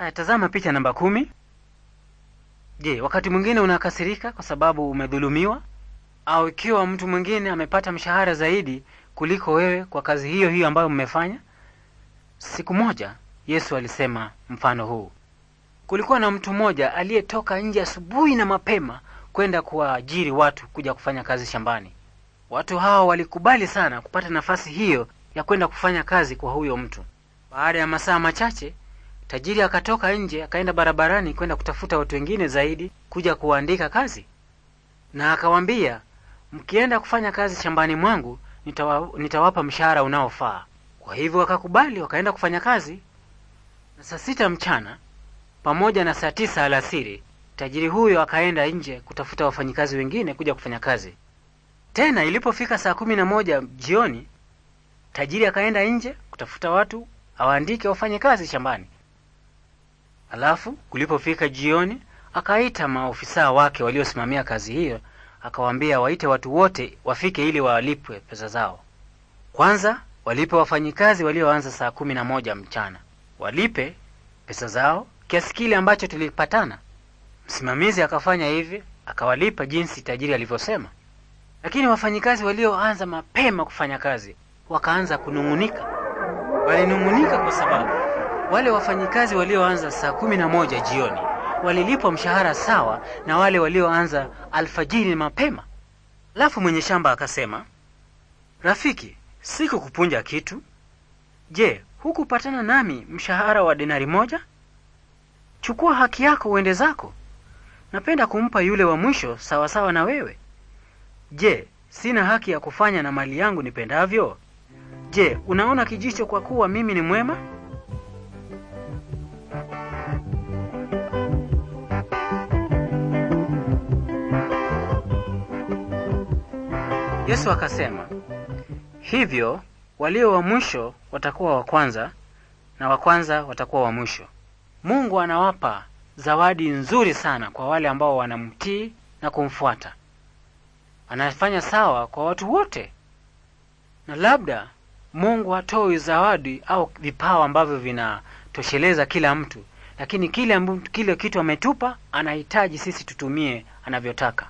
Haya, tazama picha namba kumi. Je, wakati mwingine unakasirika kwa sababu umedhulumiwa au ikiwa mtu mwingine amepata mshahara zaidi kuliko wewe kwa kazi hiyo hiyo ambayo mmefanya? Siku moja Yesu alisema mfano huu: kulikuwa na mtu mmoja aliyetoka nje asubuhi na mapema kwenda kuwaajiri watu kuja kufanya kazi shambani. Watu hao walikubali sana kupata nafasi hiyo ya kwenda kufanya kazi kwa huyo mtu. Baada ya masaa machache, Tajiri akatoka nje akaenda barabarani kwenda kutafuta watu wengine zaidi kuja kuwaandika kazi, na akawambia, mkienda kufanya kazi shambani mwangu nitawa, nitawapa mshahara unaofaa. Kwa hivyo wakakubali, wakaenda kufanya kazi, na saa sita mchana pamoja na saa tisa alasiri tajiri huyo akaenda nje kutafuta wafanyikazi wengine kuja kufanya kazi tena. Ilipofika saa kumi na moja jioni, tajiri akaenda nje kutafuta watu awaandike wafanye kazi shambani. Alafu kulipofika jioni, akaita maofisa wake waliosimamia kazi hiyo, akawaambia waite watu wote wafike ili walipwe pesa zao. Kwanza walipe wafanyikazi walioanza saa kumi na moja mchana, walipe pesa zao kiasi kile ambacho tulipatana. Msimamizi akafanya hivi, akawalipa jinsi tajiri alivyosema. Lakini wafanyikazi walioanza mapema kufanya kazi wakaanza kunung'unika, walinung'unika kwa sababu wale wafanyikazi walioanza saa kumi na moja jioni walilipwa mshahara sawa na wale walioanza alfajiri mapema. Alafu mwenye shamba akasema, rafiki, sikukupunja kitu. Je, hukupatana nami mshahara wa denari moja? Chukua haki yako uende zako. Napenda kumpa yule wa mwisho sawasawa sawa na wewe. Je, sina haki ya kufanya na mali yangu nipendavyo? Je, unaona kijicho kwa kuwa mimi ni mwema? Yesu akasema, hivyo walio wa mwisho watakuwa wa kwanza na wa kwanza watakuwa wa mwisho. Mungu anawapa zawadi nzuri sana kwa wale ambao wanamtii na kumfuata. Anafanya sawa kwa watu wote, na labda Mungu hatoi zawadi au vipawa ambavyo vinatosheleza kila mtu, lakini kile, kile kitu ametupa anahitaji sisi tutumie anavyotaka.